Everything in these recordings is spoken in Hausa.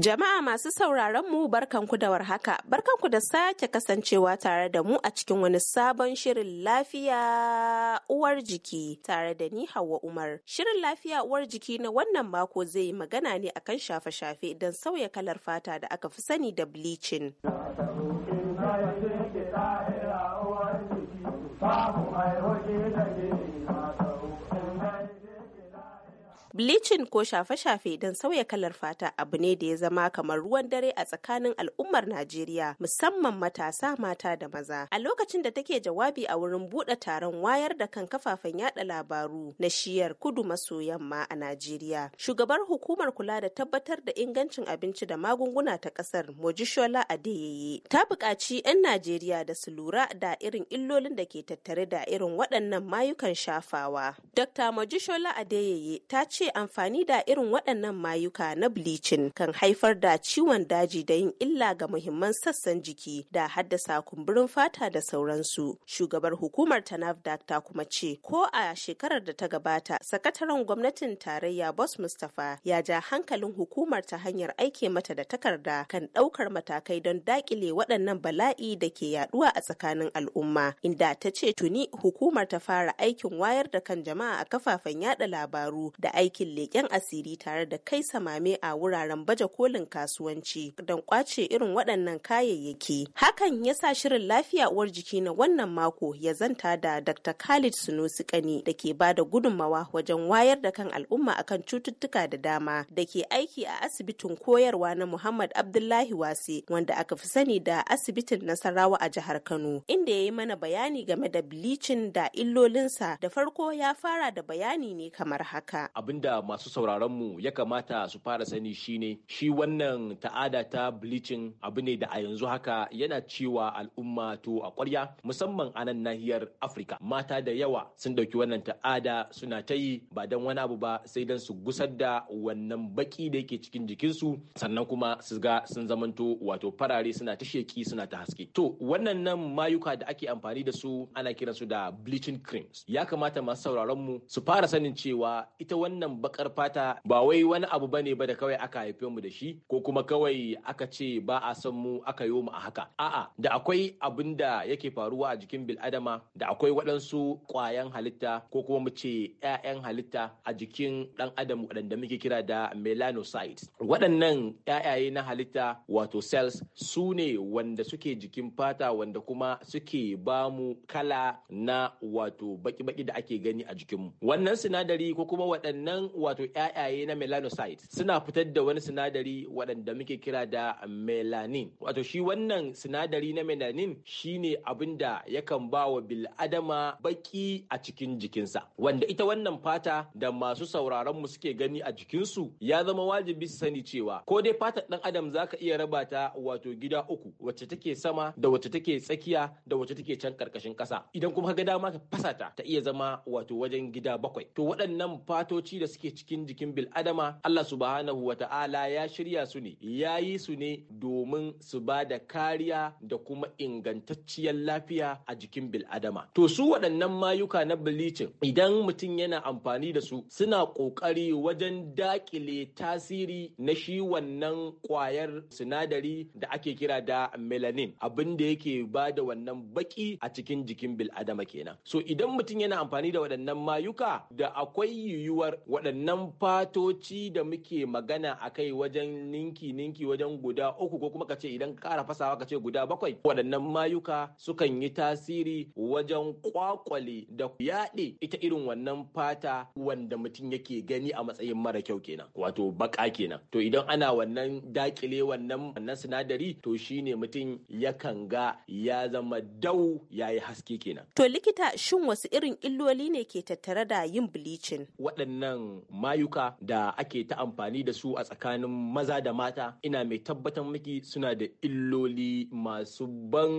Jama'a masu sauraron mu barkanku da warhaka, barkanku da sake kasancewa tare da mu a cikin wani sabon shirin lafiya uwar jiki tare da ni Hauwa Umar. Shirin lafiya uwar jiki na wannan mako zai yi magana ne akan shafe-shafe don sauya kalar fata da aka fi sani da bleaching. Babu mai da Bleaching ko shafe-shafe don sauya kalar fata abu ne da ya zama kamar ruwan dare a tsakanin al'ummar Najeriya musamman matasa mata da maza. A lokacin da take jawabi a wurin buɗe taron wayar da kan kafafen yada labaru na shiyar kudu maso yamma a Najeriya. Shugabar hukumar kula da tabbatar da ingancin abinci da magunguna ta ƙasar Mojishola Adeyeye ta buƙaci 'yan Najeriya da su lura da irin illolin da ke tattare da irin waɗannan mayukan shafawa. Dr. Mojishola Adeyeye ta ce ce amfani da irin waɗannan mayuka na bleaching kan haifar da ciwon daji da yin illa ga muhimman sassan jiki da haddasa kumburin fata da sauransu. Shugabar hukumar ta NAFDAC ta kuma ce ko a shekarar da ta gabata sakataren gwamnatin tarayya Boss Mustapha ya ja hankalin hukumar ta hanyar aike mata da takarda kan ɗaukar matakai don daƙile waɗannan bala'i da ke yaɗuwa a tsakanin al'umma inda ta ce tuni hukumar ta fara aikin wayar da kan jama'a a kafafen yada labaru da aiki aikin leƙen asiri tare da kai samame a wuraren baje kolin kasuwanci don kwace irin waɗannan kayayyaki. Hakan ya sa shirin lafiya uwar jiki na wannan mako ya zanta da Dr. Khalid Sunusi Kani da ke ba da gudunmawa wajen wayar da kan al'umma akan cututtuka da dama da ke aiki a asibitin koyarwa na Muhammad Abdullahi Wase wanda aka fi sani da asibitin Nasarawa a jihar Kano inda ya yi mana bayani game da bilicin da illolinsa da farko ya fara da bayani ne kamar haka. Abin da masu sauraron mu ya kamata su fara sani shine shi wannan ta'ada ta bleaching abu ne da a yanzu haka yana cewa al'umma to a kwarya musamman a nan nahiyar Afirka mata da yawa sun ɗauki wannan ta'ada suna ta yi ba don wani abu ba sai don su gusar da wannan baki da yake cikin jikinsu sannan kuma su ga sun zamanto wato farare suna ta sheki suna ta haske to wannan nan mayuka da ake amfani da su ana kiransu da bleaching creams ya kamata masu sauraron mu su fara sanin cewa ita wannan wannan bakar fata ba wai wani abu bane ba da kawai aka haife mu da shi ko kuma kawai aka ce ba a san mu aka yi mu a haka a'a da akwai abin da yake faruwa a jikin bil'adama da akwai waɗansu ƙwayan halitta ko kuma mu ce 'ya'yan halitta a jikin ɗan adam waɗanda muke kira da melanocytes waɗannan ƴaƴaye na halitta wato cells su ne wanda suke jikin fata wanda kuma suke ba mu kala na wato baki-baki da ake gani a jikinmu wannan sinadari ko kuma waɗannan waɗannan wato ƴaƴaye na melanocytes suna fitar da wani sinadari waɗanda muke kira da melanin wato shi wannan sinadari na melanin shine abin da yakan ba wa bil'adama baki a cikin jikinsa wanda ita wannan fata da masu sauraron mu suke gani a jikinsu ya zama wajibi su sani cewa ko dai fatar ɗan adam zaka iya raba ta wato gida uku wacce take sama da wacce take tsakiya da wacce take can karkashin ƙasa idan kuma ka ga dama ka fasa ta ta iya zama wato wajen gida bakwai to waɗannan fatoci da suke cikin jikin bil'adama, Allah subhanahu wa ta'ala ya shirya su ne ya yi su ne domin su ba da kariya da kuma ingantacciyar lafiya a jikin bil'adama. adama to su waɗannan mayuka na bilicin idan mutum yana amfani da su suna ƙoƙari wajen daƙile tasiri na shi wannan ƙwayar sinadari da ake kira da melanin abin da yake ba da wannan baki a cikin jikin bil kenan so idan mutum yana amfani da waɗannan mayuka da akwai yiwuwar waɗannan fatoci da muke magana a kai wajen ninki ninki wajen guda uku ko kuma ka ce idan kara fasawa ka ce guda bakwai waɗannan mayuka sukan yi tasiri wajen kwakwale da yaɗe ita irin wannan fata wanda mutum yake gani a matsayin mara kyau kenan wato baka kenan to idan ana wannan dakile wannan wannan sinadari to shine mutum yakan ga ya zama dau yayi haske kenan to likita shin wasu irin illoli ne ke tattare da yin bleaching waɗannan kan mayuka da ake ta amfani da su a tsakanin maza da mata ina mai tabbatar miki suna da illoli masu ban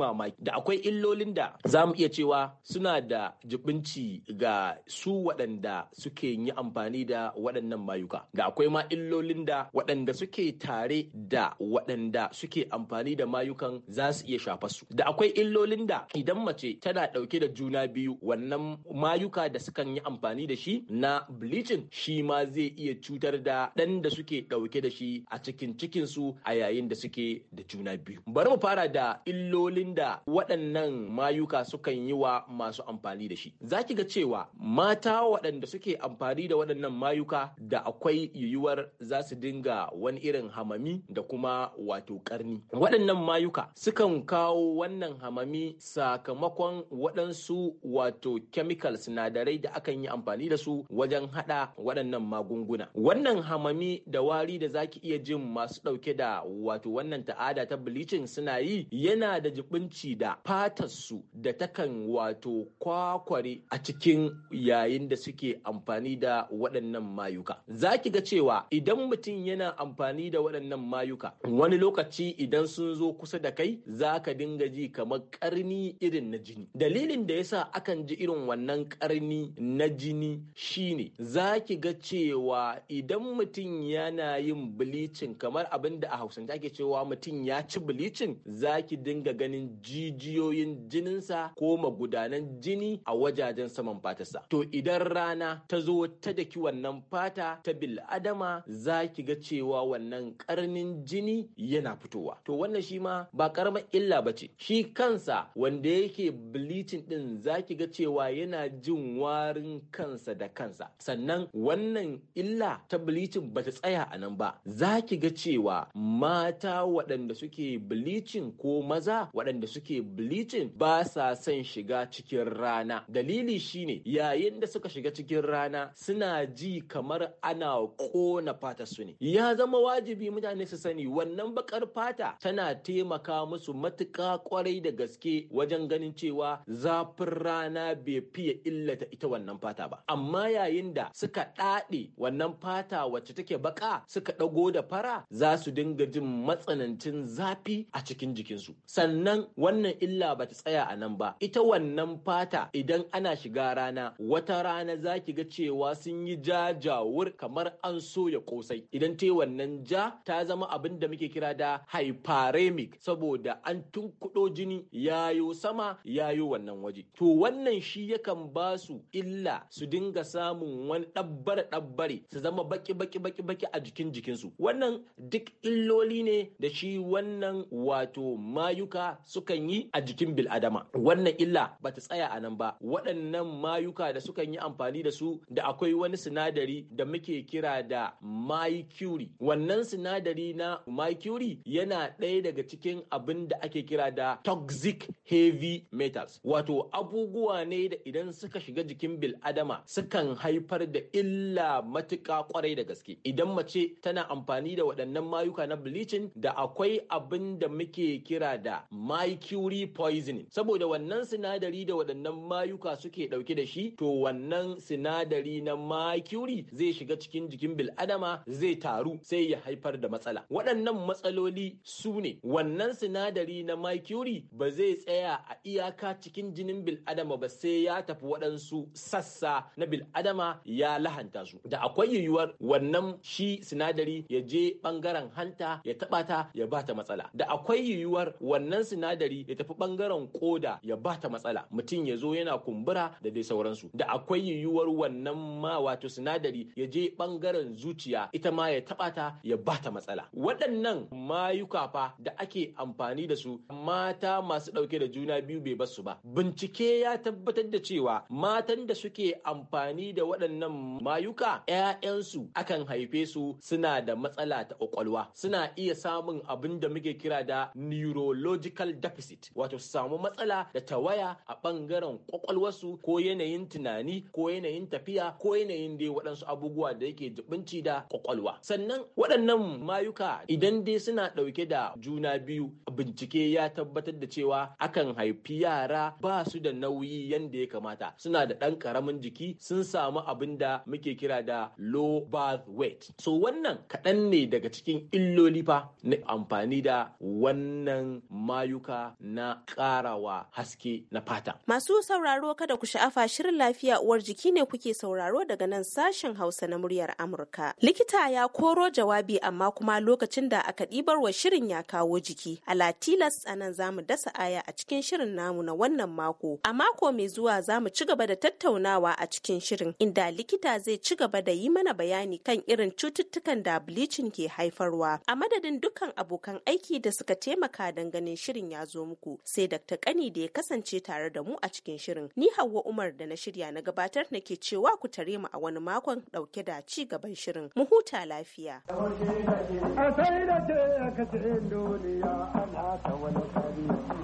mamaki da akwai illolin da za mu iya cewa suna da jibinci ga su waɗanda suke yi amfani da waɗannan mayuka da akwai ma illolin da waɗanda suke tare da waɗanda suke amfani da mayukan za su iya shafa su da akwai illolin da idan mace tana ɗauke da juna biyu wannan mayuka da sukan yi amfani da shi na bleaching shi ma zai iya cutar da ɗan da suke ɗauke da shi a cikin cikinsu a yayin da suke da juna biyu. Bari mu fara da illolin da waɗannan mayuka sukan yi wa masu amfani da shi. Za ki ga cewa mata waɗanda suke amfani da waɗannan mayuka da akwai yiwuwar za su dinga wani irin hamami da kuma wato ƙarni. Waɗannan mayuka sukan kawo wannan hamami sakamakon waɗansu wato chemical sinadarai da akan yi amfani da su wajen hada waɗannan magunguna wannan hamami da wari da zaki iya jin masu ɗauke da wato wannan ta'ada ta bleaching suna yi yana da jibinci da fatarsu da takan wato kwakware a cikin yayin da suke amfani da waɗannan mayuka zaki ga cewa idan mutum yana amfani da waɗannan mayuka wani lokaci idan sun zo kusa da kai za ka dinga ji kamar ƙarni irin na jini dalilin da yasa akan ji irin wannan ƙarni na jini shine za ki ga cewa idan mutum yana yin bilicin kamar abin da a hausance ake cewa mutum ya ci bilicin za ki dinga ganin jijiyoyin jininsa ko magudanan jini a wajajen saman fatarsa to idan rana ta zo ta daki wannan fata ta bil'adama za ki ga cewa wannan karnin jini yana fitowa to wannan shi ma ba karamar illa ba ce shi kansa wanda yake bilicin din za ki ga cewa yana jin warin kansa da kansa sannan wannan illa ta bleaching bata tsaya a nan ba za ki ga cewa mata waɗanda suke bleaching ko maza waɗanda suke bleaching ba sa son shiga cikin rana dalili shine yayin da suka shiga cikin rana suna ji kamar ana kona fata su ne ya zama wajibi mutane su sani wannan bakar fata tana taimaka musu matuƙa kwarai da gaske wajen ganin cewa zafin rana bai fiye illata ita wannan fata ba amma yayin da suka ɗaɗe wannan fata wacce take baka suka ɗago da fara za su dinga jin matsanancin zafi a cikin jikinsu sannan wannan illa ba ta tsaya a nan ba ita wannan fata idan ana shiga rana wata rana za ki ga cewa sun yi ja jajawur kamar an soya kosai idan ta wannan ja ta zama abin da muke kira da hyperemic saboda an tunkuɗo jini yayo sama yayo wannan waje to wannan shi yakan ba su illa su dinga samun wani ɗabbare ɗabbare su zama baki baki baki baki a jikin jikinsu wannan duk illoli ne da shi wannan wato mayuka sukan yi a jikin bil'adama wannan illa ba ta tsaya a nan ba waɗannan mayuka da sukan yi amfani da su da akwai wani sinadari da muke kira da mercury wannan sinadari na mercury yana ɗaya daga cikin abin da ake kira da toxic heavy metals wato abubuwa ne da idan suka shiga jikin bil'adama sukan haifar da illa matuka kwarai da gaske idan mace tana amfani da waɗannan mayuka na bleaching da akwai abin da muke kira da mercury poisoning saboda wannan sinadari da waɗannan mayuka suke ɗauke da shi to wannan sinadari na mercury zai shiga cikin jikin bil'adama zai taru sai ya haifar da matsala waɗannan matsaloli su ne wannan sinadari na mercury ba zai tsaya a iyaka cikin jinin bil'adama ba sai ya tafi waɗansu sassa na bil'adama ya lahanta su da akwai yiwuwar wannan shi sinadari ya je bangaren hanta ya taba ta ya bata matsala da akwai yiwuwar wannan sinadari ya tafi bangaren koda ya bata matsala mutum ya zo yana kumbura da dai sauransu da akwai yiwuwar wannan ma wato sinadari ya je bangaren zuciya ita ma ya taba ta ya bata matsala waɗannan mayuka fa da ake amfani da su mata masu ɗauke da juna biyu bai basu ba bincike ya tabbatar da cewa matan da suke amfani da waɗannan waɗannan mayuka 'ya'yansu akan haife su suna da matsala ta ƙwaƙwalwa suna iya samun abin da muke kira da neurological deficit wato su samu matsala da tawaya a ɓangaren ƙwaƙwalwarsu ko yanayin tunani ko yanayin tafiya ko yanayin dai waɗansu abubuwa da yake jibinci da ƙwaƙwalwa sannan waɗannan mayuka idan dai suna ɗauke da juna biyu bincike ya tabbatar da cewa akan haifi yara ba su da nauyi yadda ya kamata suna da ɗan ƙaramin jiki sun samu abin abin da muke kira da low birth weight so wannan kaɗan ne daga cikin illoli fa na amfani da wannan mayuka na ƙarawa haske na fata masu sauraro kada ku sha'afa shirin lafiya uwar jiki ne kuke sauraro daga nan sashen hausa na muryar amurka likita ya koro jawabi amma kuma lokacin da aka ɗibar wa shirin ya kawo jiki a tilas a nan za mu dasa aya a cikin shirin namu na wannan mako a mako mai zuwa za mu ci gaba da tattaunawa a cikin shirin inda likita zai ci gaba da yi mana bayani kan irin cututtukan da bleaching ke haifarwa. A madadin dukkan abokan aiki da suka taimaka don ganin shirin ya zo muku sai Dr. Kani da ya kasance tare da mu a cikin shirin. Ni Hauwa Umar da na shirya na gabatar nake cewa ku tare mu a wani makon dauke da ci gaban shirin. Mu huta lafiya.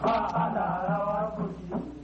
ba ana rawa